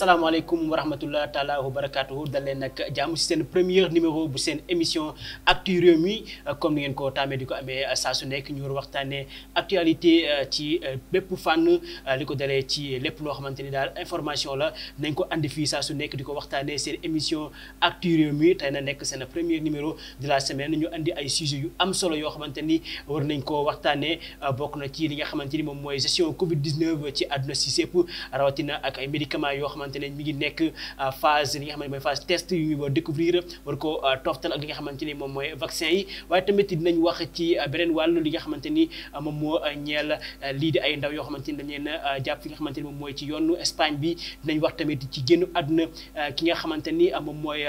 asalaamaaleykum wa rahmatullah taala wa barakaatu dalee nag jàmm si seen première numéro bu seen émission actu réew mi ngeen ko tàmmee di ko amee saa su nekk ñu war waxtaanee actualité euh, ci euh, bépp fànn euh, li ko dalee ci lépp loo xamante ni daal information la nañ ko indi fii saa su nekk di ko waxtaanee seen émission actu réew mi tey na nekk seen premier numéro de la semaine ñu andi ay sujets yu am solo yoo xamante ni war nañ ko waxtaanee bokk na ci li nga xamante ni moom mooy gestion Covid 19 ci àdduna si sépp rawatina ak ay yoo xamante xamante mi ngi nekk euh, phase li nga xamante mooy phase test yu war découvrir war ko euh, toftal nga xamante ni moom mooy vaccin yi waaye tamit dinañ wax ci euh, beneen wàll li nga xamante ni moom moo ñeel lii di ay ndaw yoo xamante ni dañ leen jàpp fi nga xamante ni moom mooy ci yoonu Espagne bi dinañ wax tamit ci génn àdduna ki nga xamante ni moom mooy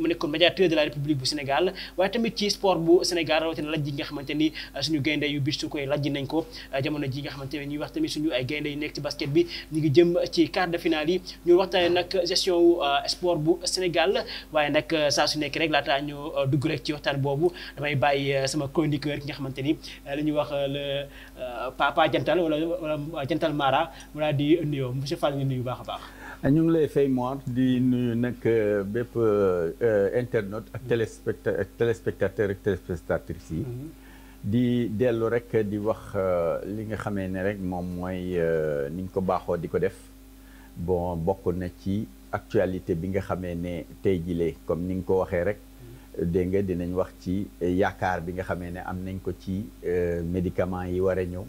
mu nekkoon médiateur de la République bu Sénégal waaye tamit ci sport bu Sénégal rawatina lajj yi nga xamante ni suñu gaynde yu bi su koy lajj nañ ko jamono ji nga xamante ni ñuy wax tamit suñu ay gaynde yu nekk ci basket bi ñu ngi jëm ci quart de yi ñu waxtaanee nag gestion wu euh, sport bu Sénégal waaye nag euh, saa su nekk rek laataa ñu euh, dugg rek ci waxtaan boobu damay bàyyi sama chroniqueur ki nga xamante ni li ñuy wax le papa jantal wala wala jantal Mara mu di nuyoo monsieur Fall ñu nuyu baax a baax. Ah, ñu ngi lay fay Mor di nuyu nag bépp internaute ak téléspecta ak téléspectateur ak téléspectatrices yi. Mm-hmm. di dellu rek di wax li nga xamee ne rek moom mooy ni ñu ko baaxoo di ko def. bon bokk na ci actualité bi nga xamee ne tey jilee comme ni nga ko waxee rek dégg nga dinañ wax ci yaakaar bi nga xamee ne am nañ ko ci euh, médicaments yi war a ñëw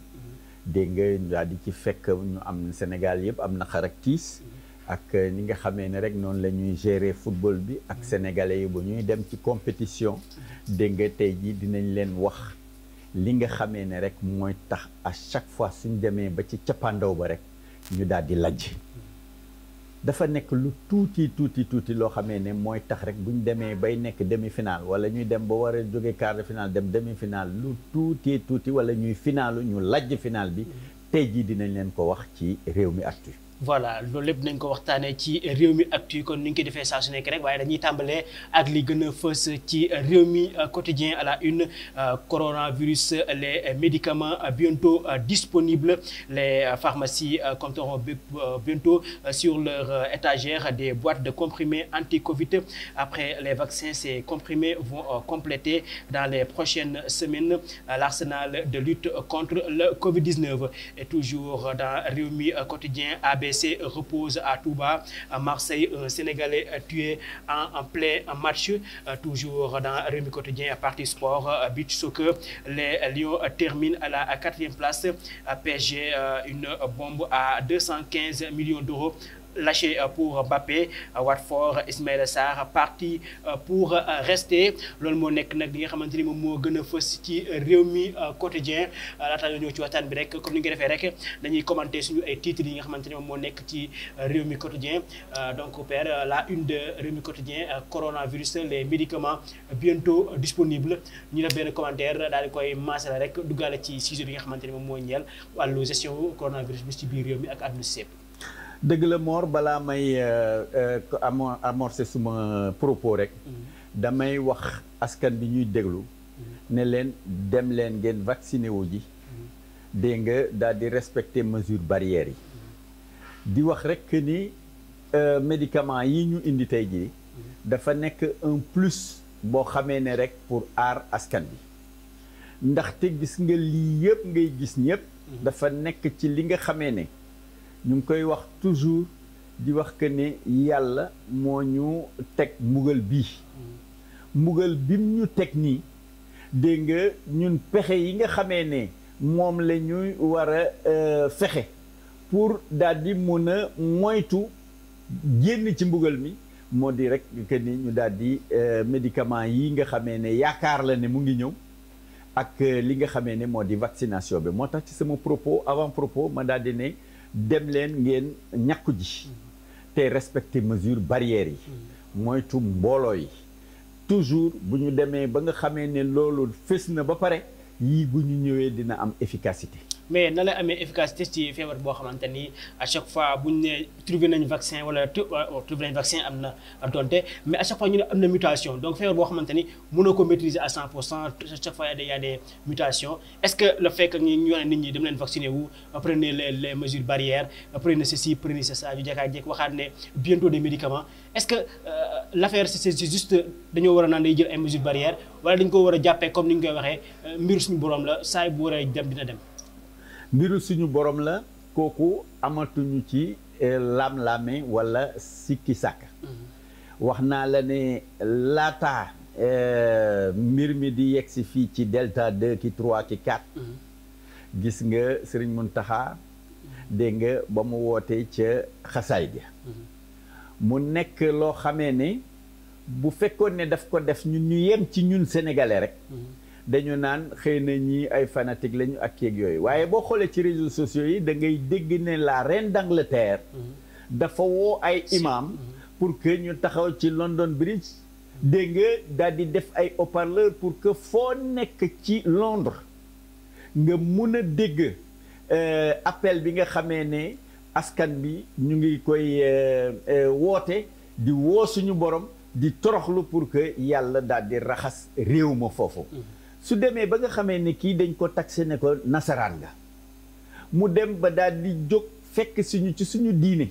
dégg nga ci fekk ñu am Sénégal yëpp am na xarak tiis ak ni nga xamee ne rek noonu la ñuy gérer football bi ak sénégalais yi bu ñuy dem ci compétition dégg nga tey jii dinañ leen wax li nga xamee ne rek mooy tax a chaque fois suñ demee ba ci cappaandaw ba rek ñu daal di lajj dafa nekk lu tuuti tuuti tuuti loo xamee ne mooy tax rek bu ñu demee bay nekk demi final wala ñuy dem ba war a jóge quart de dem demi final lu tuuti tuuti wala ñuy finaalu ñu lajj final bi tey jii dinañ leen ko wax ci réew mi actu voilà loolu lépp nañ ko waxtaanee ci réew mi actu kon ni ñu koy defee saa su rek waaye dañuy tàmbalee ak li gën a fës ci réew mi euh, quotidien à la une euh, coronavirus les médicaments euh, bientôt disponibles les pharmacies compteront bientôt sur leur étagère des boîtes de comprimés anti-Covid après les vaccins ces comprimés vont compléter dans les prochaines semaines l'arsenal de lutte contre le Covid-19 et toujours blessés reposent à Touba. À Marseille, un Sénégalais tué en, en plein match. Euh, toujours dans Rémi Quotidien, Parti Sport, euh, Beach Soccer, les Lions euh, terminent à la quatrième place. PSG, une bombe à 215 millions d'euros lâché euh, pour Mbappé euh, Watford Ismaïla Sarr parti euh, pour rester loolu moo nekk nag li nga xamante ni moom moo gën a fës ci réew mi quotidien laata ñoo ñëw ci waxtaan bi rek comme ni nga defee rek dañuy commenter suñu ay titres yi nga xamante ni moom moo nekk ci réew mi quotidien donc père la une de réew mi quotidien coronavirus les médicaments bientôt disponibles ñu def benn commentaire daal di koy maasala rek duggaale ci sujet bi nga xamante ni moom moo ñeel wàllu gestion coronavirus bi ci biir réew mi ak àdduna sépp dëgg la Mor balaa may euh, euh, amorcer suma propos rek. Mm-hmm. damay wax askan bi ñuy déglu. Mm-hmm. ne leen dem leen ngeen vacciné wu ji. Mm-hmm. dégg nga daal di respecter mesure barrières yi. di wax rek ni euh, médicament yi ñu indi tey jii. dafa nekk un plus boo xamee ne rek pour aar askan bi. ndaxte gis nga lii yëpp ngay gis ñëpp. dafa nekk ci li nga xamee ne. ñu ngi koy wax toujours di wax que ne yàlla moo ñu teg mbugal bii mbugal bim ñu teg nii dégg nga ñun pexe yi nga xamee ne moom la ñuy war a euh, fexe pour daal di mun a moytu génn ci mbugal mi moo di rek que ni ñu daal di euh, médicament yi nga xamee ne yaakaar la ne mu ngi ñëw ak euh, li nga xamee ne moo di vaccination bi moo tax ci sama propos avant propos ma daal di ne dem leen ngeen ñàkku ji te respecter mesures barrières yi moytu mbooloo yi toujours bu ñu demee ba nga xamee ne loolu fës na ba pare yii bu ñu ñëwee dina am efficacité mais na la amee efficacité ci feebar boo xamante ni à chaque fois bu ñu nee trouvé nañ vaccin wala euh, trouvé nañ vaccin am na donte mais à chaque fois ñu ne am na mutation donc feebar boo xamante ni mënoo ko maîtriser à à chaque fois y a des est-ce que le fait que ñu ñu nit ñi dem leen vacciner wu prenez les les mesures barrières prenez ceci prenez ça ñu jékki-jékki waxaat ne bientôt des médicaments est-ce que euh, l'affaire c'est juste war a naan day jël ay mesures barrières wala ko war a jàppee comme ni ñu koy waxee euh, mbir suñu borom la saa bu waree dem dem. mbiru suñu borom la kooku amatuñu ci eh, lam-lame wala sikki sàkk mm-hmm. wax naa la ne laata eh, mbir mi di si fii ci delta 2 ki 3 ki 4 gis nga Sëriñ Muntaxa mm-hmm. dégg nga ba mu wootee ca xasaay ja mm-hmm. mu nekk loo xamee ne bu fekkoon ne daf ko def ñu ñu yem ci ñun sénégalais rek dañu naan xëy na ñii ay fanatique lañu ak yeeg yooyu waaye boo xoolee ci réseaux sociaux yi da ngay dégg ne la reine d'Angleterre dafa woo ay imam mm-hmm. pour que ñu taxaw ci London Bridge dégg nga daal di def ay haut-parleur pour que foo nekk ci Londres nga mun a dégg euh, appel bi nga xamee ne askan bi ñu ngi koy euh, euh, woote di woo suñu borom di toroxlu pour que yàlla daal di raxas réew ma foofu mm-hmm. su demee ba nga xamee ni kii dañ ko taxé ne ko nasaraan la mu dem ba daal di jóg fekk suñu ci suñu diine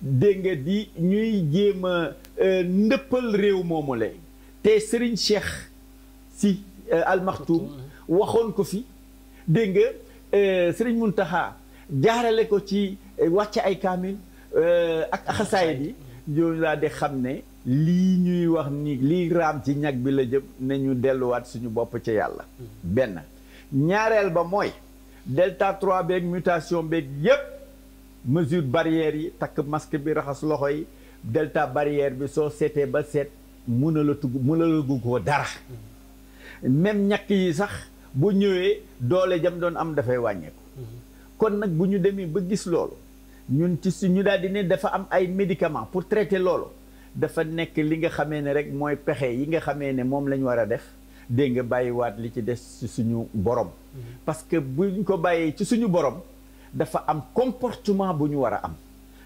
dégg nga di ñuy jéem a euh, ndëppal réew moomule te Serigne Cheikh si euh, almaxtuum waxoon ko fi dégg nga euh, Serigne Muntaxa jaarale ko ci wàcc ay kaamil ak xasaay bi ñooñu laa de xam ne lii ñuy wax ni lii raam ci ñag bi la jëm ne ñu delluwaat suñu bopp ci yàlla benn ñaareel ba mooy delta 3 beeg mutation beeg yëpp mesure barrière yi takk masque bi raxas loxo yi delta barrière bi soo seetee ba seet mun a la tugg mun a la guggoo dara même ñakk yi sax bu ñëwee doole jam doon am dafay wàññeeku kon nag bu ñu demee ba gis loolu ñun ci su ñu daal di ne dafa am ay médicament pour traité loolu dafa nekk li nga xamee ne rek mooy pexe yi nga xamee ne moom la ñu war a def dégg nga bàyyiwaat li ci des ci suñu borom. Mm-hmm. parce que buñ ko bàyyee ci suñu borom dafa am comportement bu ñu war a am.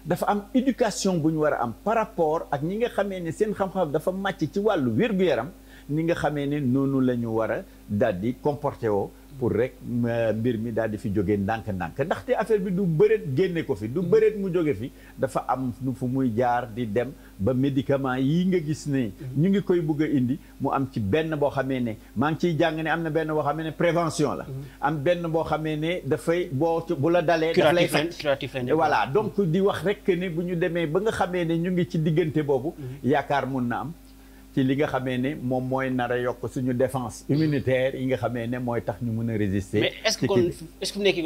dafa am éducation bu ñu war a am par rapport ak ñi nga xamee ne seen xam-xam dafa màcc ci wàllu wér-gu-yaram. ni nga xamee ne noonu la ñu war a daal di comporté woo pour rek euh, mbir mi daal di fi jóge ndànk-ndànk ndaxte affaire bi du bëreet génne ko fi du bëreet mu jóge fi dafa am nu fu muy jaar di dem ba médicament yi nga gis ne ñu ngi koy bugg a indi mu am ci benn boo xamee ne maa ngi ciy jàng ne am na benn boo xamee ne prévention la mm-hmm. am benn boo xamee ne dafay boo bu la dalee daf lay faj voilà donc di wax rek ne bu ñu demee ba nga xamee ne ñu ngi ci diggante boobu mm-hmm. yaakaar mun na am ci li nga xamee ne moom mooy nar a yokk suñu défense immunitaire yi nga xamee ne mooy tax ñu mën a résister. mais est-ce est-ce mu nekkee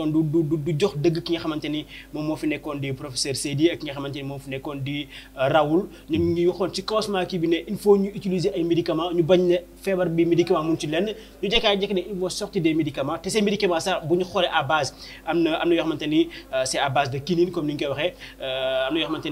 moo fi nekkoon di professeur Seydi ak ki nga xamante ni moom fi nekkoon di euh, Raoul ñun ñu waxoon ci bi ne il ñu utiliser ay médicaments ñu bañ ñu jekkaay jekk ne il faut sortir des médicaments te ces médicaments sax bu ñu xoolee à base am na am na yoo xamante ni euh, c'est à ni ñu koy waxee euh, am na yoo xam ne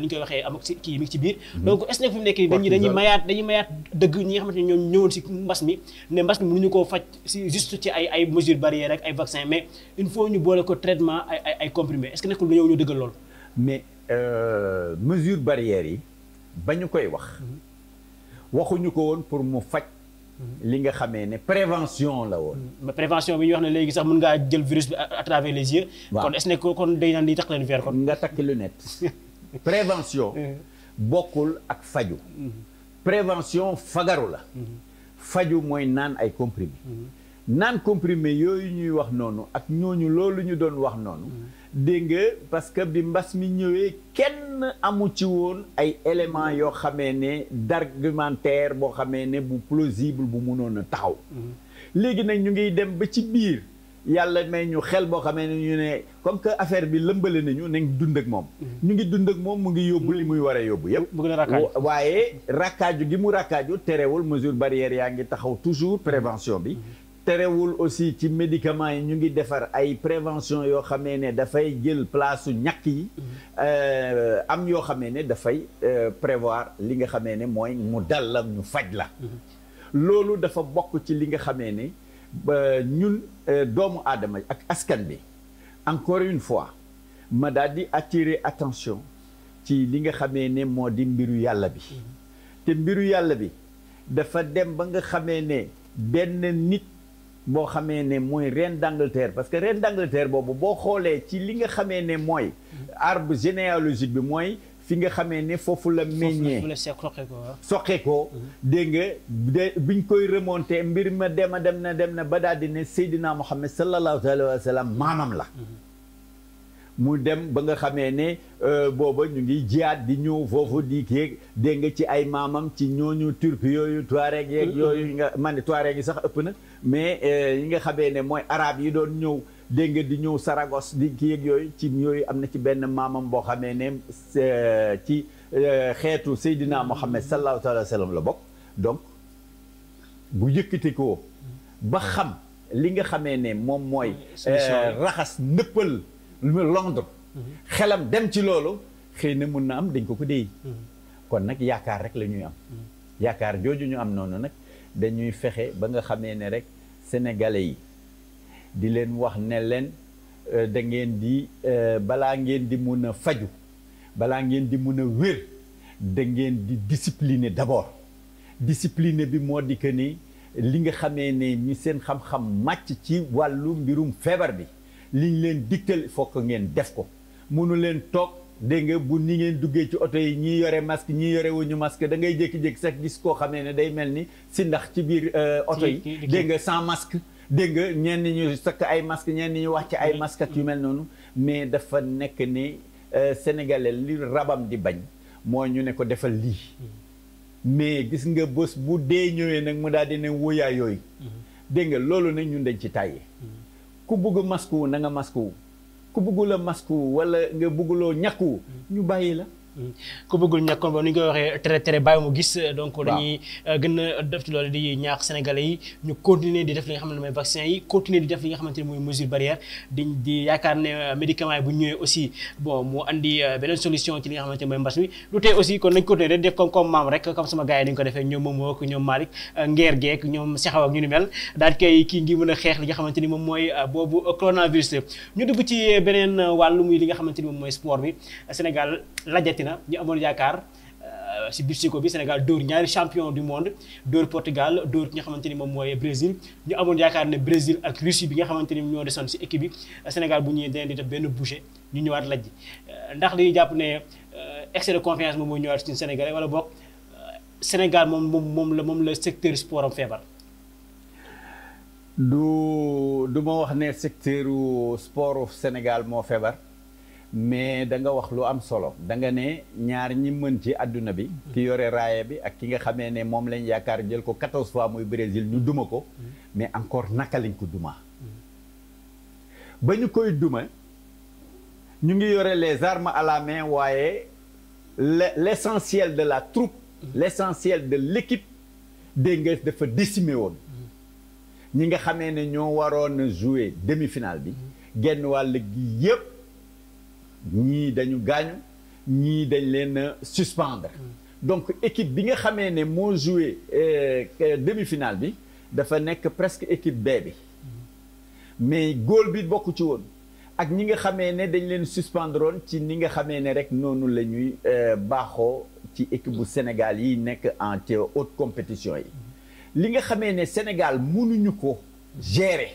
ni ñu koy waxee amoxy kii mi ngi ci biir mm-hmm. donc est-ce fi mu nekk ñi dañuy mayaat dañuy mayaat dëgg ñi nga xamante ne ñoom ñëwoon si mbas mi ne mbas mi nu ñu koo faj si juste ci ay ay mesures barrières rek ay vaccin mais il faut ñu boole ko traitement ay ay ay comprimés est-ce que nekkul lu ñu dëggal loolu mais euh, mesures barrières yi ba ñu koy wax mhm. waxuñu ko woon pour mu faj mhm. li nga xamee ne prévention la woon. Mhm. prévention bi ñu wax ne léegi sax mën ngaa jël virus bi à les yeux. kon est-ce que kon day naan li tax leen weer kon. nga takk lunette prévention. bokkul ak faju prévention fagaru la faju mooy naan ay comprimé naan comprimé yooyu ñuy wax noonu ak ñooñu loolu ñu doon wax noonu dégg nga parce que bi mbas mi ñëwee kenn amu ci woon ay éléments yoo xamee ne d'argumentaire boo xamee ne bu plausible bu mënoon a taxaw mm-hmm. léegi nag ñu ngiy dem ba ci biir yàlla may ñu xel boo xamee ne ñu ne comme que affaire bi lëmbale nañu nañ dund ak moom. Mhm. ñu ngi dund ak moom mu ngi yóbbu li muy war a yóbbu yëpp. mu waaye rakkaaju gi mu rakkaaju terewul mesure barrière yaa ngi taxaw toujours prévention bi. Mhm. terewul aussi ci médicaments yi ñu ngi defar ay prévention yoo xamee ne dafay jël place su ñàkk yi. Mhm. Euh, am yoo xamee ne dafay euh, prévoir li nga xamee ne mooy mu dal la ñu faj la. loolu dafa bokk ci li nga xamee ne. ba ñun eh, doomu aadama ak askan bi encore une fois ma daal di attirer attention ci li nga xamee ne moo di mbiru yàlla bi mm-hmm. te mbiru yàlla bi dafa dem ba nga xamee ne benn nit boo xamee ne mooy reine d'Angleterre parce que reine d'Angleterre boobu boo xoolee ci li nga xamee ne mooy mm-hmm. arbre généalogique bi mooy fi nga xamee ne foofu la meññee ah. soqe ko dégg nga de koy remonté mbir ma dem a dem na dem na ba daal di ne Seydina Muhammad sallallahu alayhi wa sallam maamam la mhm. mu dem ba nga xamee ne euh, booba ñu ngi jiyaat di ñëw foofu di kéeg dégg nga ci ay maamam ci ñooñu turk yooyu tuareg yeeg mhm. yooyu nga man ne tuareg yi sax ëpp na mais euh, yi nga xamee ne mooy araab yi doon ñëw dégg nga di ñëw saragos di ki yëg yooyu ci yooyu am na ci benn maamam boo xamee ne euh, ci euh, xeetu Seydina Mohamed sallallahu alayhi wa sallam la bokk donc bu yëkkati ba xam li nga xamee ne moom mooy ah, euh, raxas nëppal Londres mm-hmm. xelam dem ci loolu xëy na mun na am dañ ko ko déy mm-hmm. kon nag yaakaar rek la ñuy am mm-hmm. yaakaar jooju ñu am noonu nag dañuy fexe ba nga xamee ne rek sénégalais yi di leen wax ne leen euh, da ngeen di euh, balaa ngeen di mun a faju balaa ngeen di mun a wér da ngeen di discipliner d'abord discipline bi moo di que ni li nga xamee ne ñi seen xam-xam màcc ci wàllu mbirum feebar bi liñ leen digtal fokk ngeen def ko munu leen toog dégg nga bu ni ngeen duggee ci oto yi ñi yore masque ñi yore wuñu masque da ngay jékki-jékki sax gis koo xamee ne day mel ni si ndax ci biir euh, oto yi dégg nga sans masque dégg nga ñenn ñu sakk ay masque ñenn ñu ci ay mm. masque ak yu mel noonu mais dafa nekk ni euh, sénégalais li rabam di bañ moo ñu ne ko defal lii mm. mais gis nga bés bu dee ñëwee nag mu daal di ne wóoyaa yooyu mm-hmm. dégg nga loolu nag ñun dañ ci tàyyi mm. ku bugg masque wu na nga wu ku buggula masque wu wala nga bugguloo ñàkk wu ñu bàyyi la Mm. ku bëggul ñàkk kon ba ni ñu koy waxee tere tere bàyyi mu gis. donc dañuy euh, gën a def ci loolu di ñaax sénégalais yi ñu continuer di def li nga xam ne mooy vaccin yi continuer di def mooy mesure barrière di di yaakaar ne euh, médicament ñëwee aussi bon mu andi euh, beneen solution ci li nga xamante ne mooy mbas kon nañ continuer def comme comme maam rek comme sama gars yi ni ñu ko defee ñoom Momo ak ñoom Malick Nguer Geek ñoom Sexaw ak ñu ni mel daal koy kii ngi mën a xeex li nga xamante ni moom mooy boobu coronavirus ñu beneen wàllu muy li nga xamante ni moom mooy sport bi Sénégal lajatina ñu amoon yaakaar euh, si biir siko bi Sénégal dóor ñaari champion du monde dóor Portugal dóor ki nga xamante ni moom mooy Brésil ñu amoon yaakaar ne Brésil ak Russie bi nga xamante ni ñoo desoon si équipe Sénégal bu ñuy dinañ di def benn boucher ñu ñëwaat lajj euh, ndax dañuy jàpp ne euh, excès de confiance moom mooy ñëwaat si Sénégalais wala boog Sénégal moom moom moom la moom la secteur sport am feebar. du du wax ne secteur sport Sénégal moo feebar. mais da nga wax lu am solo da nga ne ñaar ñi mën ci àdduna bi ki yore raaya bi ak ki nga xamee ne moom lañ yaakaar jël ko quatorze fois muy Brésil ñu duma ko mais encore naka lañ ko duma ba ñu koy duma ñu ngi yore les armes à la main waaye l'essentiel de la troupe l'essentiel de l'équipe dégg nga dafa décimé woon ñi nga xamee ne ñoo waroon a jouer demi-finale bi genn wàll gi yëpp ñii dañu gaañu ñii dañ leen suspendre mm. donc équipe bi nga xamee ne moo joué euh, demi-finale bi dafa nekk presque équipe B bi mm. mais góol bi bokk ci woon ak ñi nga xamee ne dañ leen suspendre woon ci ni nga xamee ne rek noonu la ñuy euh, baaxoo ci équipe bu Sénégal yi nekk en te haute compétition yi mm. li nga xamee ne Sénégal mënuñu ko gérer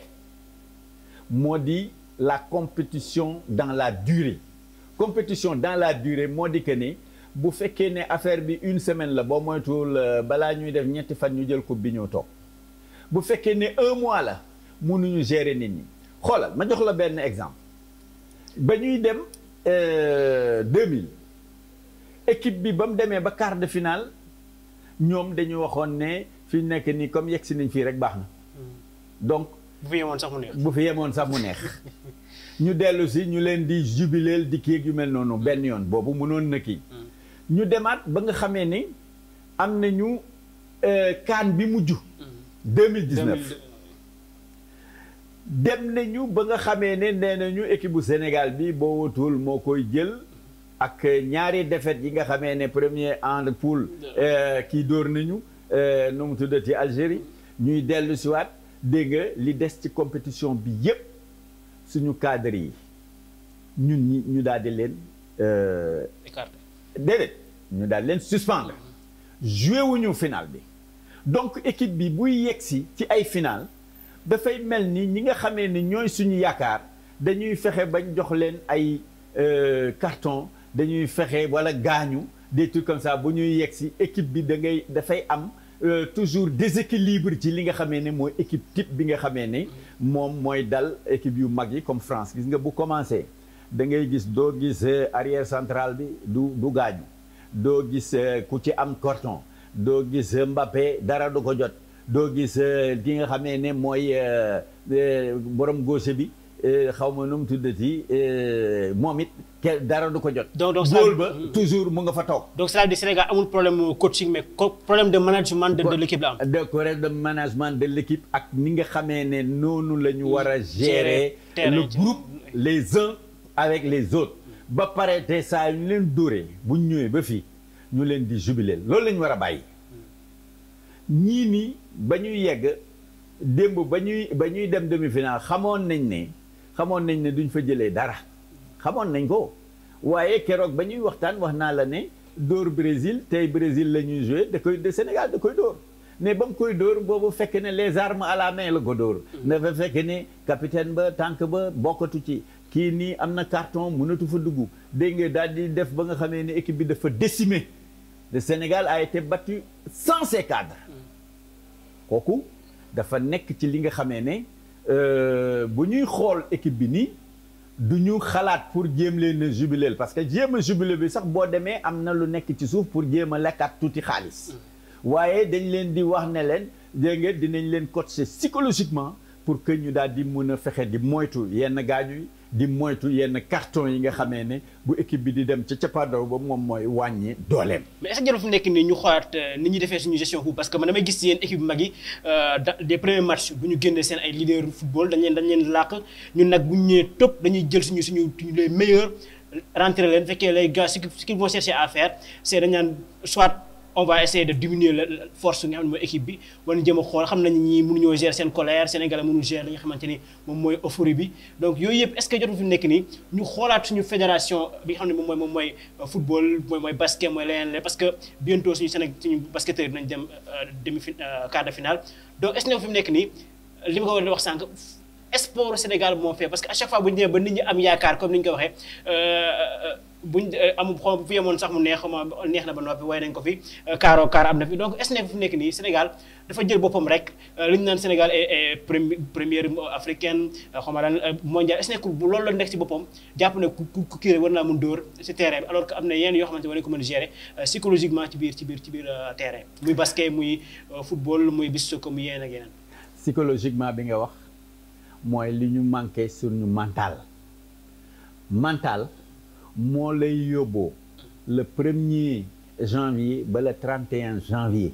moo di la compétition dans la durée compétition dans la durée moo di que ni bu fekkee ne affaire bi une semaine la boo moytuwul euh, balaa ñuy def ñetti fan ñu jël coupe bi ñëw toog bu fekkee ne un mois la mënuñu gérer nit ñi xoolal ma jox la benn exemple ba ñuy dem 2000 euh, équipe bi ba mu demee ba quart de final ñoom dañu waxoon ne fi ñu nekk nii comme yegg si nañ fii rek baax na mm. donc. bu fi yemoon sax mu neex. ñu dellu si ñu leen di jubileel di kii yu mel noonu benn yoon boobu mënoon na kii. Mm. ñu demaat ba nga xamee ni am nañu kaan euh, bi mujj. 2019 mm. dem nañu ba nga xamee ne nee nañu équipe bu Sénégal bi boo watul moo koy jël. ak ñaari défaite yi nga xamee ne premier en poule euh, kii dóor nañu euh, nu mu tuddati Algérie mm. ñuy dellu siwaat dégg li des ci compétition bi yëpp suñu cadre yi ñu ñi ñu daal di leen. Euh, écarter déedéet ñu daal di leen suspendre. joué wuñu final bi. donc équipe bi buy yegsi ci ay final dafay mel ni ñi nga xamee ni ñooy suñu yaakaar dañuy fexe bañ jox leen ay euh, carton dañuy fexe wala gaañu des trucs comme ça bu ñuy yegsi équipe bi da ngay dafay am. Euh, toujours déséquilibre ci li nga xamee ni mooy équipe type bi nga xamee ni moom mooy dal équipe yu mag yi comme France gis nga bu commencé da ngay gis doo gis euh, arrière centrale bi du du gaañu doo gis euh, ku ci am carton doo gis Mbappé dara du ko jot doo gis ki nga xamee ne mooy borom gauche bi Euh, xaw ma nu mu tuddati euh, moom it ke dara du ko jot. donc donc góol ba toujours mu nga fa toog. donc ça veut dire amul problème coaching mais problème de management de de l'équipe la am. de problème de management de l'équipe ak ni nga xamee ne noonu la ñu war a gérer le groupe les uns avec les autres. ba pare te saa yu ñu leen dóoree bu ñu ñëwee ba fii ñu leen di jubiler loolu lañu ñu war a bàyyi ñii nii ba ñuy yegg démb ba ñuy ba ñuy dem demi-finale xamoon nañ ne. xamoon nañ ne duñ fa jëlee dara xamoon nañ ko waaye keroog ba ñuy waxtaan wax naa la ne dóor Brésil tey Brésil la ñuy joué da koy de Sénégal da koy dóor mais ba mu koy dóor boobu fekk ne les armes à la la ko dóor dafa fekk ne capitaine ba tànk ba bokkatu ci kii nii am na carton mënatu fa dugg dégg nga daal di def ba nga xamee ne équipe bi dafa décimé le Sénégal a été battu sans ses kooku dafa nekk ci li nga xamee ne Euh, bu ñuy xool équipe bi nii du ñu xalaat pour jéem leen a jubileel parce que jéem a jubilé bi sax boo demee am na lu nekk ci suuf pour jéem a lekkaat tuuti xaalis waaye dañ leen di wax ne leen dégg dinañ leen coacher psychologiquement pour que ñu daal di mën a fexe di moytu yenn gaañu yi di moytu yenn carton yi nga xamee ne bu équipe bi di dem ca cappaandaw ba moom mooy wàññi dooleem. mais est-ce fu nekk nii ñu xoolaat euh, ni ñuy defee suñu gestion parce que man damay gis si yenn équipe mag yi euh, des premiers matchs bu ñu génnee seen ay leader football dañ leen dañ leen làq ñun nag bu ñu ñëwee topp dañuy jël suñu suñu les meilleurs rentre leen fekkee lay gars ce qu'ils vont chercher à faire c'est dañ naan soit. on va essayer de diminuer la force nga xam ne mooy équipe bi wala jëm a xool xam nañ ñi mënuñoo gérer seen colère sénégalais mënu gérer li nga xamante ni moom mooy euphorie bi donc yooyu yëpp suñu fédération bi nga dem euh, euh, quart de finale donc est nekk nii li ma ko a wax sànq sport Sénégal moo fee parce que à chaque fois ba nit ñi am yaakaar comme ni ñu ko waxee euh, bu eh, amul xaw bu fi yemoon sax mu neex ma neex na ba noppi waaye nañ ko fi eh, kaaroo kaar am na fi donc est-ce que fu nekk nii Sénégal dafa jël boppam rek eh, li ñu naan Sénégal est première africaine xaw ma daan mondial est-ce que loolu la nekk ci boppam jàpp ne ku kii war naa mun dóor ci terrain bi alors que am na yenn yoo xamante ne war nañ ko mën gérer psychologiquement ci biir ci biir ci biir terrain muy basket muy football muy bis soccer muy yeneen ak psychologiquement bi nga wax mooy li ñu manqué sur ñu moo lay yóbboo le premier janvier ba le 31 janvier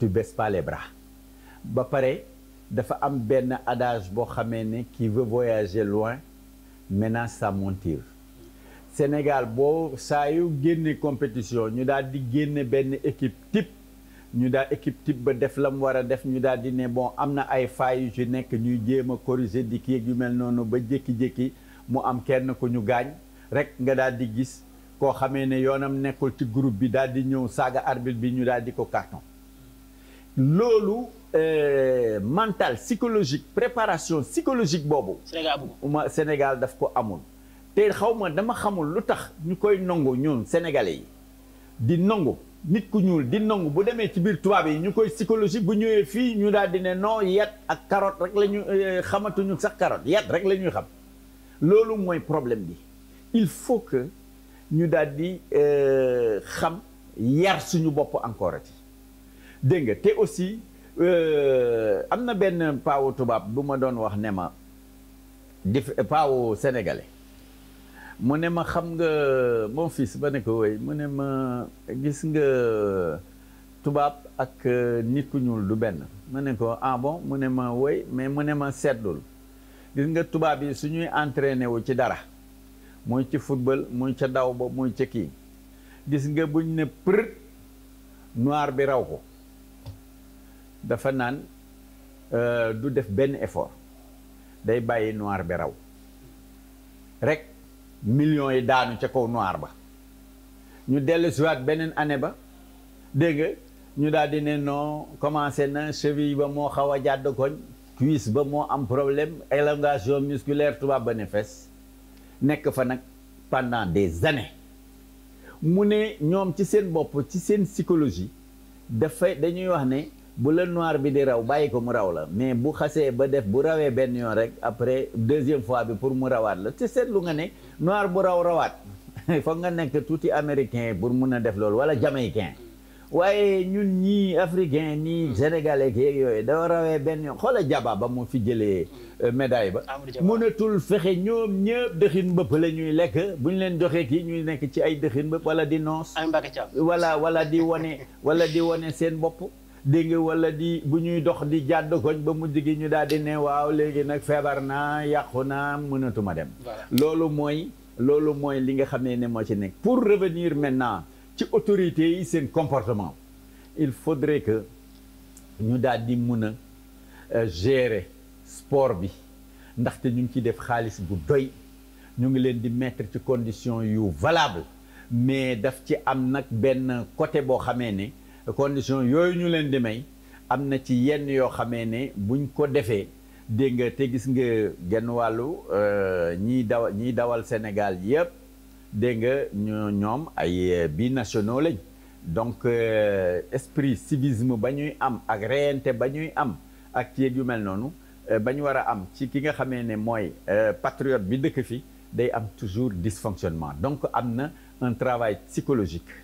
tu baisses pas les ba pare dafa am benn adage boo xamee ne qui veut voyager loin menace sa monture boo saa yu génne compétition ñu daal di génne benn équipe type ñu daal équipe type ba def la mu war a def ñu daal di ne bon am na ay failles yu nekk ñuy jéem a corriger di kii yu mel noonu ba jékki-jékki mu am kenn ku ñu gaañ rek nga daal di gis koo xamee ne yoonam nekkul ci groupe bi daal di ñëw saaga arbitre bi ñu daal di ko carton loolu euh, mental psychologique préparation psychologique boobu ma Sénégal daf ko amul te xaw ma dama xamul lu tax ñu koy nangu ñun sénégalais yi di nangu nit ku ñuul di nangu bu demee ci biir tubaab yi ñu koy psychologie bu ñëwee fii ñu daal di ne noo yat ak carotte rek la ñu euh, xamatuñu sax carotte yat rek la ñuy xam loolu mooy problème bi il faut que ñu daal di euh, xam yar suñu bopp encore ati dégg nga te aussi euh, am na benn paawu tubaab bu ma doon wax ne ma dif paawu sénégalais mu ne ma xam nga mon fils ba ne ko woy mu ne ma gis nga tubaab ak euh, nit ku ñuul du benn mu ne ko ah bon mu ne ma woy mais mu ne ma seddul gis nga tubaab yi suñuy entraîné wu ci dara muy ci football muy ca daw ba mu ca kii gis nga buñ ne për noir bi raw ko dafa naan euh, du def benn effort day bàyyi noir bi raw rek millions yi daanu ca kaw noir ba ñu dellu siwaat beneen année ba dégg nga ñu daal di ne noo commencé na cheville ba moo xaw a jàdd koñ cuisse ba moo am problème élongation musculaire tubaab ba ne fes nekk fa nag pendant des années mu ne ñoom ci seen bopp ci seen psychologie dafay dañuy wax ne bu la noir bi di raw bàyyi ko mu raw la mais bu xasee ba def bu rawee benn yoon rek après deuxième fois bi pour mu rawaat la te seetlu nga ne noir bu raw rawaat fa nga nekk tuuti américain pour mun a def loolu wala jamaïcain waaye ñun ñii africain ñii hmm. sénégalais yeeg yooyu dafa rawee benn yoon xoola jaba ba mu fi jëlee euh, médaille ba mënatul fexe ñoom ñëpp dëxin bëpp la ñuy lekk bu ñu leen doxee kii ñuy nekk ci ay dëxin bëpp wala di noos wala wala di wane wala di wane seen bopp dégg nga wala di bu ñuy dox di jàdd koñ ba mu gi ñu daal di ne waaw léegi nag feebar naa yàqu naa mënatuma dem loolu mooy loolu mooy li nga xam ne ne moo ci nekk pour revenir maintenant ci autorités yi seen comportement il faudrait que ñu daal di mun a euh, gérer sport bi ndaxte ñu ngi ciy def xaalis bu doy ñu ngi leen di mettre ci condition yu valable mais daf ci am nag benn côté boo xamee ne condition yooyu ñu leen di may am na ci yenn yoo xamee ne buñ ko defee dégg nga te gis nga genn wàllu euh, ñiy daw ñiy dawal Sénégal yépp dégg nga ñu ñoom ay bi euh, binationaux lañ donc euh, esprit civisme ba ñuy am ak reyante ba ñuy am ak ceeg yu mel noonu euh, ba ñu war a am ci ki nga xamee ne mooy euh, patriote bi dëkk fi day am toujours dysfonctionnement donc am na un travail psychologique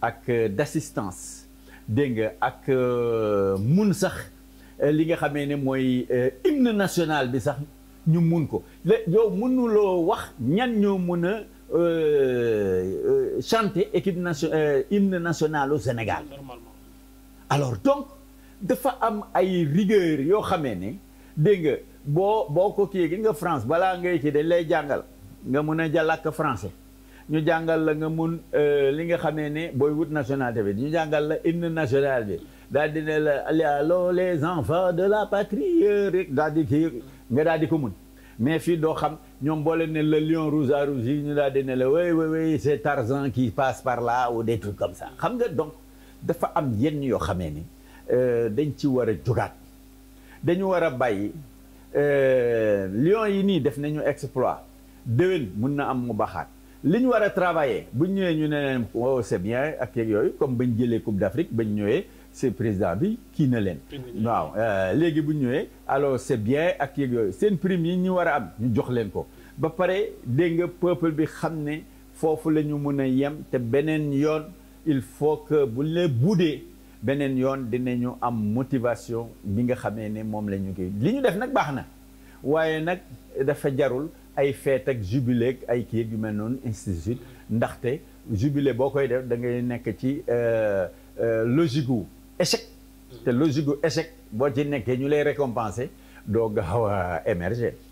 ak d'assistance dégg nga ak mun sax li nga xamee ne mooy hymne national bi sax ñu mun ko yow mënuloo wax ñan ñoo mun a euh, euh chanter équipe nationale euh, national au Sénégal alors donc dafa am ay rigueur yoo xamee ni dégg nga boo boo ko kii gi nga France balaa ngay ci dañ lay jàngal nga mun a jàllàkk français ñu jàngal la nga mun euh, li nga xamee ne booy wut nationalité bi ñu jàngal la hymne national bi daal di ne la allons les enfants de la patrie rek daal di nga daal di ko mun mais fii doo xam ñoom boo leen ne le lion rouge à rouge yi ñu laa di ne la oui oui oui c'est Tarzan qui passe par là ou des trucs comme ça xam nga donc dafa am yenn yoo xamee ni euh, dañ ci war a jógaat dañu war a bàyyi euh, lion yi nii def nañu exploit déwén mun na am mu baxaat li ñu war a travailler bu ñëwee ñu ne leen oh c'est bien ak yooyu comme bañ jëlee Coupe d'Afrique bañ ñëwee. c'est président bi kii na leen. waaw euh, léegi bu ñëwee alors c'est bien ak yeeg yooyu seen prime yi ñu war a am ñu jox leen ko. ba pare dégg nga peuple bi xam ne foofu la ñu mën a yem te beneen yoon il faut que bu le buddee beneen yoon dina dinañu am motivation bi nga xamee ne moom la ñu koy li ñu def nag baax na waaye nag dafa jarul ay fête ak jubilé ay kii yu mel noonu institut ndaxte jubilé boo koy def da ngay nekk ci euh, euh, logique wu échec te logique gu échec boo ci nekkee ñu lay récompenser doo gaaw a émerge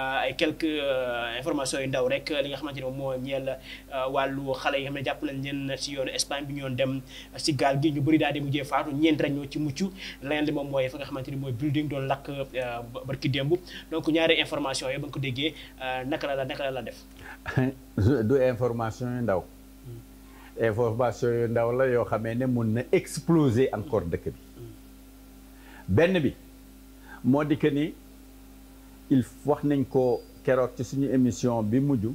Euh, ay quelques euh, informations yu ndaw rek li nga xamante ne moom moo ñeel euh, wàllu xale yi nga xam jàpp nañ leen si yoonu Espagne bi ñu doon dem si gaal gi ñu bëri daal di mujjee faatu ñeent rek ñoo ci mucc moom mooy fa nga xamante ni mooy building doon lakk barki démb donc ñaari information yi ba nga ko déggee naka la la naka la la def. du information yu ndaw. Hmm. information yu ndaw la yoo xamee ne mun na exploser encore dëkk bi. Hmm. benn bi moo di que il wax nañ ko keroot ci suñu émission bi mujj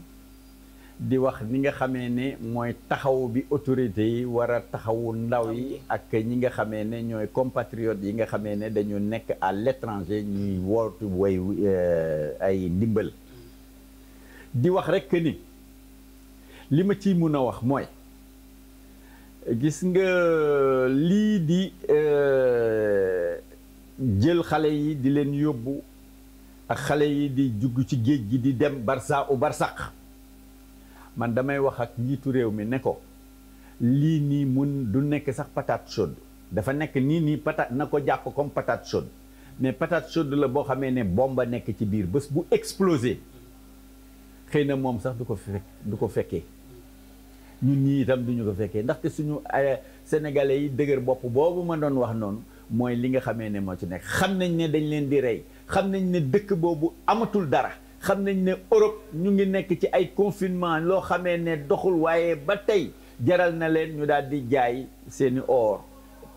di wax ni nga xamee ne mooy taxaw bi autorité yi war a taxawu ndaw yi ak ñi nga xamee ne ñooy compatriotes yi nga xamee ne dañu nekk à l'étranger ñuy wootu way euh, ay ndimbal di wax rek ni li ma ciy mun a wax mooy gis nga euh, lii di euh, jël xale yi di leen yóbbu ak xale yi di jugg ci géej gi di dem barsa u barsaq man damay wax ak njiitu réew mi ne ko lii nii mun du nekk sax patate chaude dafa nekk nii nii patate na ko jàpp comme patate chaude mais patate chaude la boo xamee ne bomba nekk ci biir bés bu explosé xëy na moom sax du ko fekk du ko fekkee ñun ñii itam duñu ko fekkee ndaxte suñu senegale yi dëgër bopp boobu ma doon wax noonu mooy li nga xamee ne moo ci nekk xam nañ ne dañ leen di rey xam nañ ne dëkk boobu amatul dara xam nañ ne Europe ñu ngi nekk ci ay confinement loo xamee ne doxul waaye ba tey jaral na leen ñu daal di jaay seeni or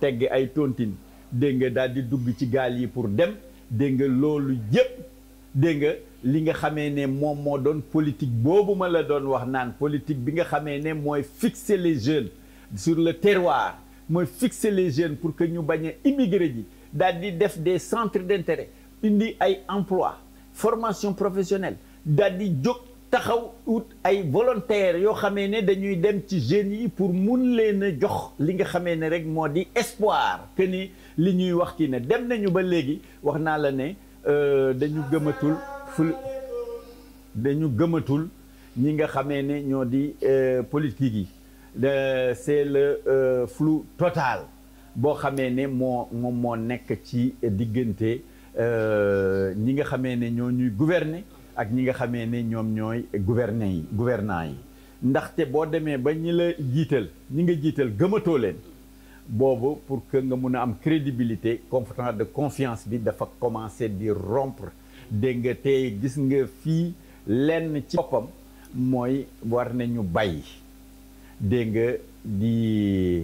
tegg ay tontine dégg nga daal di dugg ci gaal yi pour dem dégg nga loolu yëpp dégg nga li nga xamee ne moom moo doon politique boobu ma la doon wax naan politique bi nga xamee ne mooy fixer les jeunes sur le terroir mooy fixer les jeunes pour que ñu bañ a immigré ji daal di def des centres d'intérêt indi ay emploi formation professionnelle daldi di jóg taxaw ut ay volontaires yoo xamee ne dañuy dem ci jeunes yi pour mun leen a jox li nga xamee ne rek moo di espoir que li ñuy wax kii ne dem nañu ba léegi wax naa la ne euh, dañu gëmatul ful dañu gëmatul ñi nga xamee ne ñoo di euh, politique yi c'est le euh, flu total boo xamee ne moo moo nekk ci diggante Euh, ñi nga xamee ne ñoo ñuy gouverner ak ñi nga xamee ne ñoom ñooy gouverner yi gouvernant yi ndaxte boo demee ba ñi la jiital ñi nga jiital gëmatoo leen boobu pour que nga mun a am crédibilité comportement de confiance bi dafa commencer di rompre dégg nga tey gis nga fii lenn ci boppam mooy war nañu bàyyi dégg nga di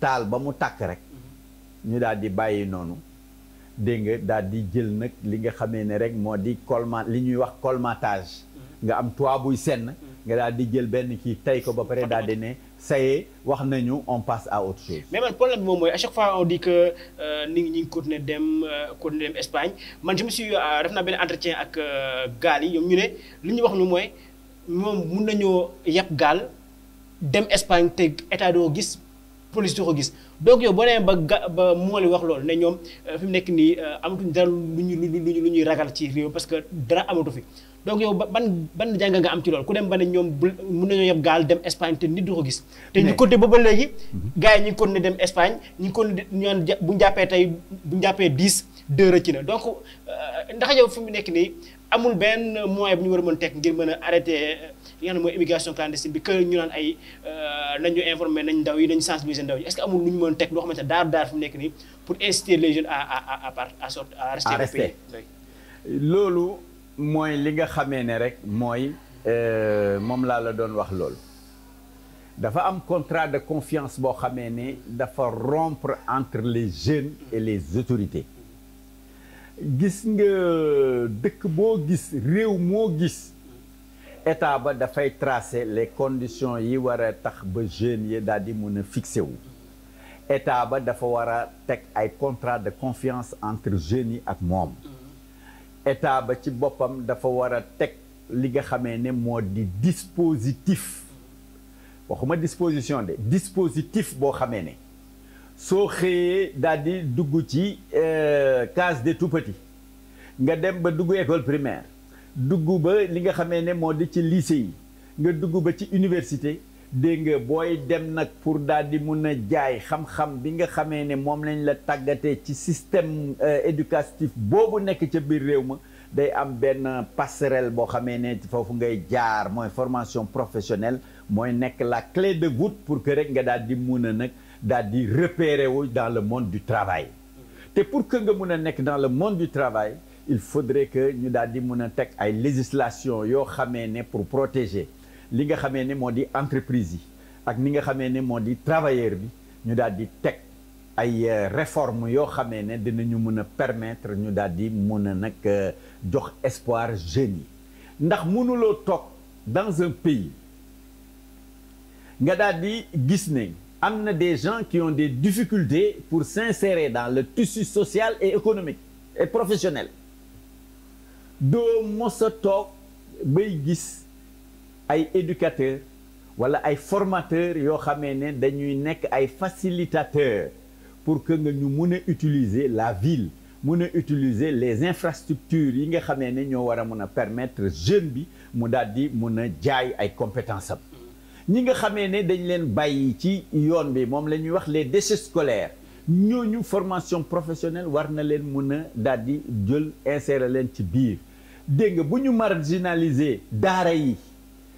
taal ba mu takk rek ñu daal di bàyyi noonu dégg nga daal di jël nag li nga xamee ne rek moo di colma li ñuy wax colmatage mm-hmm. nga am toit buy senn mm-hmm. nga daal di jël benn kii tay ko ba pare daal di ne ça wax nañu on passe à autre chose. mais man problème bi moom mooy à chaque fois on dit que euh, ni ngi ñu ngi continuer dem euh, continuer dem Espagne man je me suis euh, def naa benn entretien ak gaal yi ñoom ñu ne li ñu wax ñu mooy moom mun nañoo yàpp gaal dem Espagne te état doo gis police du ko gis donc yow boo demee ba ga ba mool yi wax loolu ne ñoom euh, fi mu nekk nii euh, amatuñ dara lu ñu lu ñu ñuy ragal ci réew parce que dara amatu fi donc yow ban ban jàng am ci loolu ku dem ba ne ñoom bu mën nañoo yeb gaal dem Espagne te du ko gis. te ñu côté boobu ba léegi. Mhm. gars yi ñu ngi dem Espagne ñu ngi continué ñu bu ñu jàppee tey bu ñu jàppee dix deux rëcc na donc euh, ndax yow mu nekk nii amul benn moyen bu ñu war a mën tek ngir mën a arrêté. li mooy immigration clandestine bi que ñu naan ay euh, ñu informer nañ ndaw yi nañ sensibiliser ndaw yi est-ce que amul lu ñu mën ne pour inciter les à à à à loolu mooy li nga xamee ne rek mooy euh, moom laa la doon wax loolu dafa am contrat de confiance boo xamee ne dafa rompre entre les jeunes et les autorités gis nga dëkk boo gis réew moo gis état ba dafay tracer les conditions yi war a tax ba jeunes yi daal di mën a fixé wu état ba dafa war a teg ay contrat de confiance entre jeunes yi ak moom état ba ci boppam dafa war a teg li nga xamee ne moo di dispositif waxuma disposition de dispositif boo xamee ne soo xëyee daal di dugg ci euh, case des tout-petits nga dem ba dugg école primaire dugg ba li nga xamee ne moo di ci lycée yi nga dugg ba ci université dégg nga booy dem nag pour daal di mun a jaay xam-xam bi nga xamee ne moom lañ la tàggatee ci système euh, éducatif boobu nekk ca biir réew ma day am benn passerelle boo xamee ne foofu ngay jaar mooy formation professionnelle mooy nekk la cle de voûte pour que rek nga daal di mun a nag daal di repérer wu dans le monde du travail te pour que nga mun a nekk dans le monde du travail il faudrait que ñu daal di mën a teg ay législation yoo xamee ne pour protéger li nga xamee ne moo di entreprise yi ak ni nga xamee ne moo di travailleur bi ñu daal di teg ay euh, réforme yoo xamee ne ñu mën a permettre ñu daal di mën a nag euh, jox espoir jeunes yi ndax mënuloo toog dans un pays nga daal di gis ne am na des gens qui ont des difficultés pour s'insérer dans le tissu sociale et économique et professionnel doo mos a toog bay gis ay éducateurs wala ay formateurs yoo xamee ne dañuy nekk ay facilitateurs pour que nga ñu mun a utiliser la ville mun a utiliser les infrastructures yi nga xamee ne ñoo war a mun a permettre jeune bi mu daal di mun a jaay ay compétences am ñi nga xamee ne dañ leen bàyyi ci yoon bi moom la ñuy wax les déchets scolaires ñooñu formation professionnelle war na leen mun a daal di jël insérer leen ci biir dégg nga bu ñu marginaliser daara yi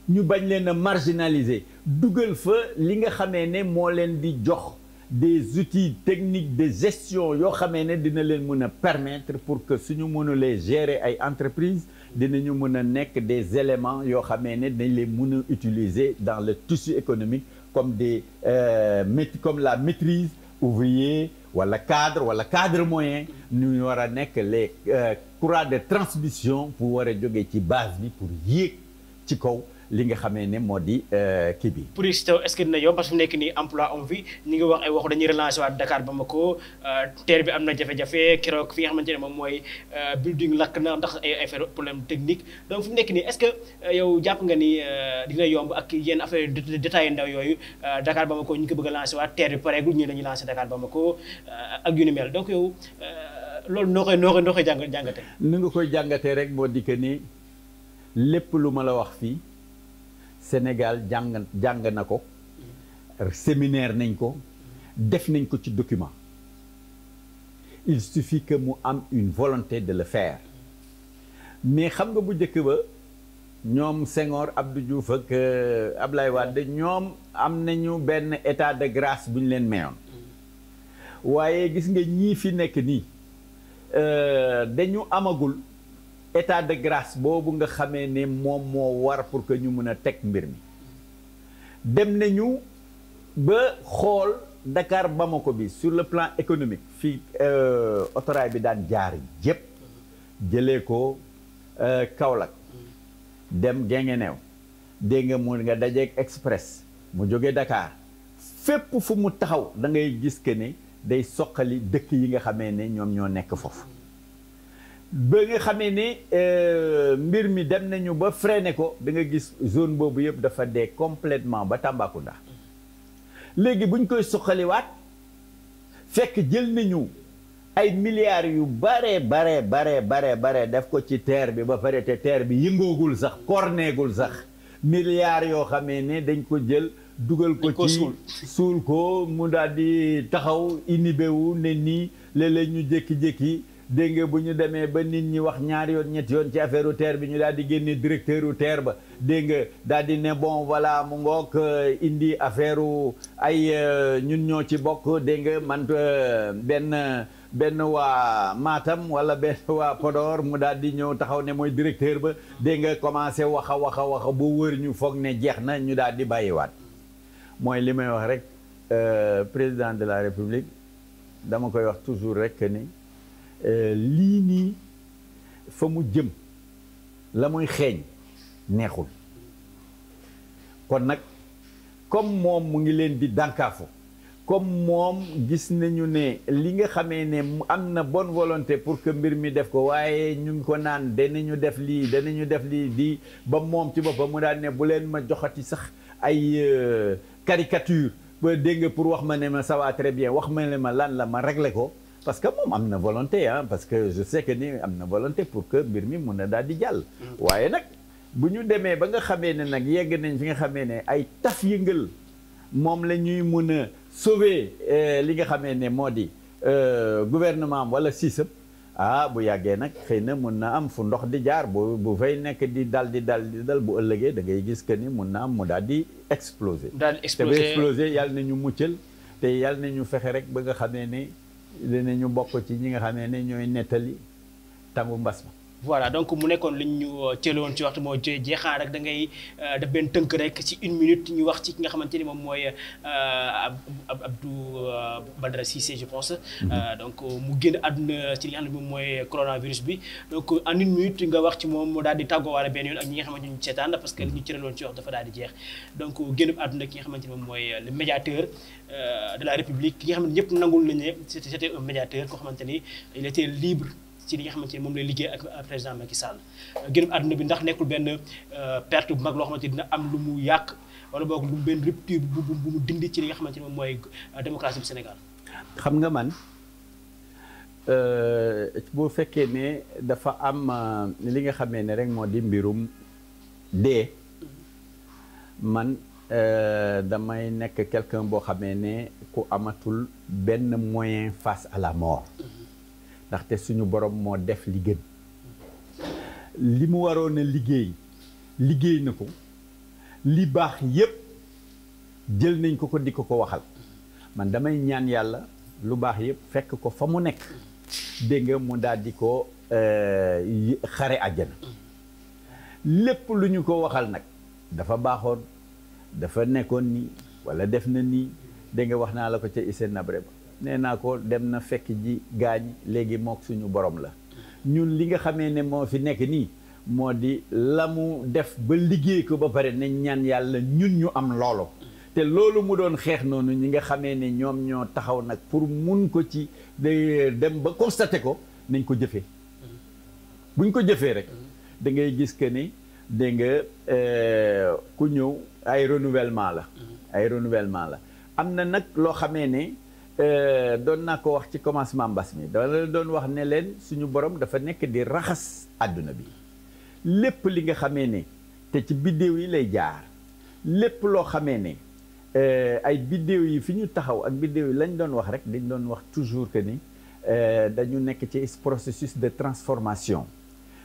ñu bañ leen a marginaliser dugal fa li nga xamee ne moo leen di jox des outils techniques de gestion yoo xamee ne dina leen mën a permettre pour que suñu mënulee gérer ay entreprises dinañu mën a nekk des éléments yoo xamee ne dañ leen mun a utiliser dans le tissu économique comme des euh, comme la maîtrise ouvrier wala cadre wala cadre moyen ñu war a nekk les. Euh, courant de transmission bu war a jógee ci base bi pour yéeg ci kaw li nga xamee ne moo di euh, kii bi. pour est-ce que dina yow parce que nekk nii emploi am fi ñu ngi wax ay waxu dañuy relancer waat Dakar Bamako euh, terre bi am na jafe-jafe keroog fi nga xamante ne moom mooy euh, building lakk na ndax ay affaire problème technique donc fu mu nekk nii est-ce que yow jàpp nga ni dina yomb ak yenn affaire détails ndaw yooyu Dakar Bamako ñu ko bëgg a lancer waat terre bi pareegul ñu dañuy lancer Dakar Bamako ak yu ni mel loolu noo koy noo koy noo koy jàngate ni nga koy jàngatee rek moo di que ni lépp lu ma la wax fii Sénégal jàng jàng na ko séminaire nañ ko def nañ ko ci document il suffit que mu am une volonté de le faire mais xam nga bu njëkk ba ñoom sengoor ab du Diouf ak euh, Ablaye Wade ñoom am nañu benn état de grace buñ leen mayoon mm. waaye gis nga ñii fi nekk nii Euh, dañu amagul état de grace boobu nga xamee ni moom moo war pour que ñu mun a teg mbir mi dem nañu ba xool Dakar Bamako bi sur le plan économique fii euh, autoraay bi daan jaar yépp jëlee ko euh, Kaolack dem Guinguinéo dégg nga mu nga dajeeg express mu jógee Dakar fépp fu mu taxaw da ngay gis que ni day soqali dëkk yi nga xamee ne ñoom ñoo nekk foofu ba nga xamee ne euh, mbir mi dem nañu ba freiné ko bi nga gis zone boobu yëpp dafa dee completement ba Tambacounda léegi buñ ñu koy soqaliwaat fekk jël nañu ay milliards yu bare bare bare bare bare def ko ci terre bi ba pare te terre bi yëngoogul sax korneegul sax milliards yoo xamee ne dañ ko jël dugal ko ci suul ko mu daal di taxaw inhibé wu ne nii léeg ñu jékki-jékki dégg nga bu ñu demee ba nit ñi wax ñaari yoon ñetti yoon ci affaire u bi ñu daal di génne directeur u teer ba dénga nga daal di ne bon voilà mu ngook euh, indi affaire u ay euh, ñun ñoo ci bokk dégg nga man euh, benn benn waa maatam wala benn waa podoor mu daal di ñëw taxaw ne mooy directeur ba dénga nga commencé wax a wax boo wër ñu foog ne jeex na ñu daal di bàyyiwaat. mooy li may wax rek euh, président de la république dama koy wax toujours rek ni euh, lii nii fa mu jëm la muy xeeñ neexul kon nag comme moom mu ngi leen di dànkaafu comme moom gis nañu ne li nga xamee ne am na bon volonté pour que mbir mi def ko waaye ñu ngi ko naan ñu def lii danañu def lii di ba moom ci boppam mu daan ne bu leen ma joxati sax ay euh, caricature ba dégg pour wax ma ne ma ça très bien wax ma ne ma lan la ma réglé ko parce que moom am na volonté ah parce que je sais que ni am na volonté pour que mbir mi mun na daal di jàll. Mm. waaye nag bu ñu demee ba nga xamee ne nag yegg nañ fi nga xamee ne ay taf yëngal moom la ñuy mun a sauver eh, li nga xamee ne moo di euh, gouvernement wala système. ah bu yàggee nag xëy na mun na am fu ndox di jaar bu bu fay nekk di dal di dal di dal bu ëllëgee da ngay gis que ni mun na am mu daal di exploser daal di exploser te ba exploser yàlla na ñu muccal te yàlla na ñu fexe rek ba nga xamee ne ñu bokk ci ñi nga xamee ne ñooy nettali tàngu mbas ma voilà donc mu nekkoon liñ ñu euh, cëloon ci wax moo jeexaan rek da ngay euh, def benn tënk rek ci une minute ñu wax ci ki nga xamante ni moom mooy euh, Abdou Badara Cissé je pense mm-hmm. donc mu génn àdduna ci li nga xam ne moom mooy coronavirus bi donc en une minute nga wax ci moom daal di tàggoowaale benn yoon ak ñi nga xamante ni ñu seetaan la parce que mm-hmm. li ñu cëloon ci wax dafa di jeex donc génn moom mooy le médiateur de la République ki nga xam ne ñëpp nangul nañu ne c'était médiateur koo xamante ni il était libre ci li nga xamante ni moom lay liggéey ak euh, président Macky Sall euh, génn àdduna bi ndax nekkul benn euh, perte bu mag loo ci dina am lu mu yàq wala boog lu benn rupture bu bu mu dindi ci li nga xamante ni moom mooy démocratie bu Sénégal. xam nga man bu fekkee ne dafa am li nga xame ne rek moo di mbirum dee man. Euh, damay nekk quelqu'un boo xamee ne ku amatul benn moyen face à la mort. Mm-hmm. ndaxte suñu borom moo def li gën li mu waroon a liggéey liggéey na ko li baax yépp jël nañ ko ko di ko ko waxal man damay ñaan yàlla lu baax yépp fekk ko fa mu nekk dégg mu daal di ko euh, xare àjjana lépp lu ñu ko waxal nag dafa baaxoon dafa nekkoon nii wala def na nii dégg wax naa la ko ca Hissène Habré ba nee naa ko dem na fekk ji gaañ léegi mook suñu borom la ñun li nga xamee ne moo fi nekk nii moo di la mu def ba liggéey ko ba pare ne ñaan yàlla ñun ñu am loolu te loolu mu doon xeex noonu ñi nga xamee ne ñoom ñoo taxaw nag pour mun ko ci dem ba constaté ko nañ ko jëfee buñ ko jëfee rek dangay gis que ni dégg nga euh, ku ñëw ay renouvellement la mm-hmm. ay renouvellement la am na nag loo xamee ne Euh, doon naa ko wax ci commencement mbas mi da la doon wax ne leen suñu borom dafa nekk di raxas àdduna bi lépp li nga xamee ni te ci biddéew yi lay jaar lépp loo xamee ne euh, ay biddéew yi fi ñu taxaw ak biddéew yi lañ doon wax rek dañ doon wax toujours que ni euh, dañu nekk ci processus de transformation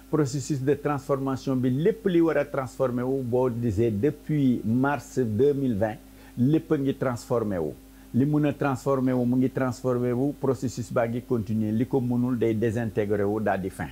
processus de transformation bi lépp li war a transformé wu boo disee depuis mars 2020 lépp ngi transformé wu li mun a transformé wu mu ngi transformé wu processus ba ngi continuer li ko mënul day désintégré wu daal di fin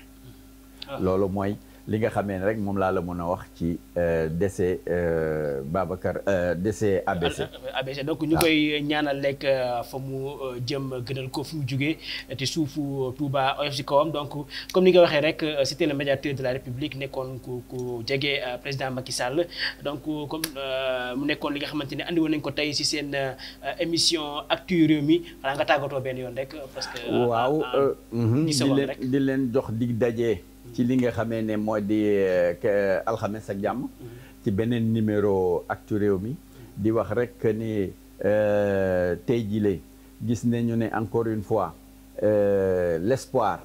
ah. loolu mooy li nga xamee ne rek moom laa la mën a wax ci euh, décès euh, Babacar euh, décès ABC. ABC donc ñu ah. koy ñaanal lekk fa mu jëm gënal ko fu mu jugee te suufu Touba oyof si kawam donc comme ni nga waxee rek c'était le médiateur la République nekkoon ku ku jege président Macky Sall donc comme mu nekkoon li nga xamante ni andi nañ ko tey si seen émission Actu Rewmi nga tàggatoo benn yoon rek parce que. waaw mhm, di leen di leen jox dig daje. ci li nga xamee ne moo di euh, alxames ak jàmm mm-hmm. ci beneen numéro Actu mi mm-hmm. di wax rek ni euh, tey jile gis nañu ne encore une fois euh, l'espoir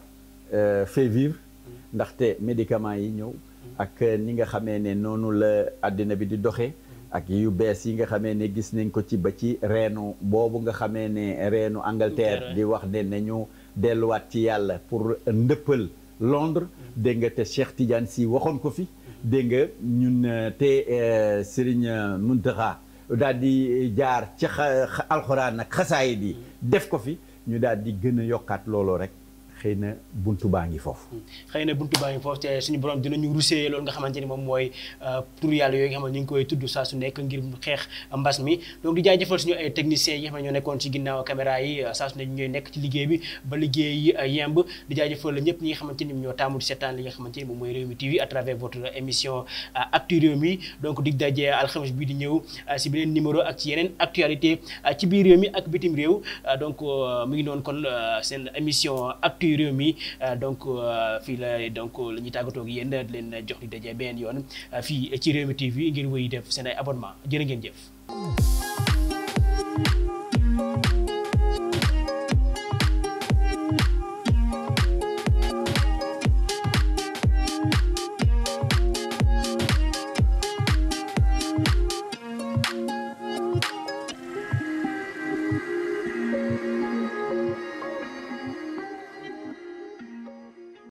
fait vivre mm-hmm. ndaxte médicament yi ñëw ak ni nga xame ne noonu la àddina bi di doxee ak yu bees yi nga xamee ne gis nañ ko ci ba ci reenu boobu nga xame ne reenu Angleterre di wax ne nañu delluwaat ci yàlla pour ndëppal Londres dégg nga te Cheikh Tidiane si waxoon ko fi dégg nga ñun euh, te euh, Serigne euh, Mountakha daal di jaar ci alxuraan ak xasaayid yi def ko fi ñu daal di gën a yokkaat looloo rek xëy na buntu baa ngi foofu. Hmm. xëy na buntu baa ngi foofu te suñu borom dinañu rusee loolu nga xamante moom mooy euh, tur yàlla yooyu nga xam ne ñu nekk di jaajëfal suñu ci ginnaaw caméra yi euh, saa su ne ñooy nekk ci liggéey bi ba liggéey euh, yemb di jaajëfal ñëpp ñi nga xamante ni ñoo taamu di seetaan li nga xamante ni moom mooy Rewmi TV à travers votre émission actualité ci biir réew mi ak bitim réew donc mu ngi noonu kon seen émission ci réew mi euh, donc euh, fii la donc la ñuy tàggatoo ak yéen di leen jox di daje beneen yoon euh, fii ci Rewmi TV ngir wéy def seen ay abonnement jërë ngeen jëf.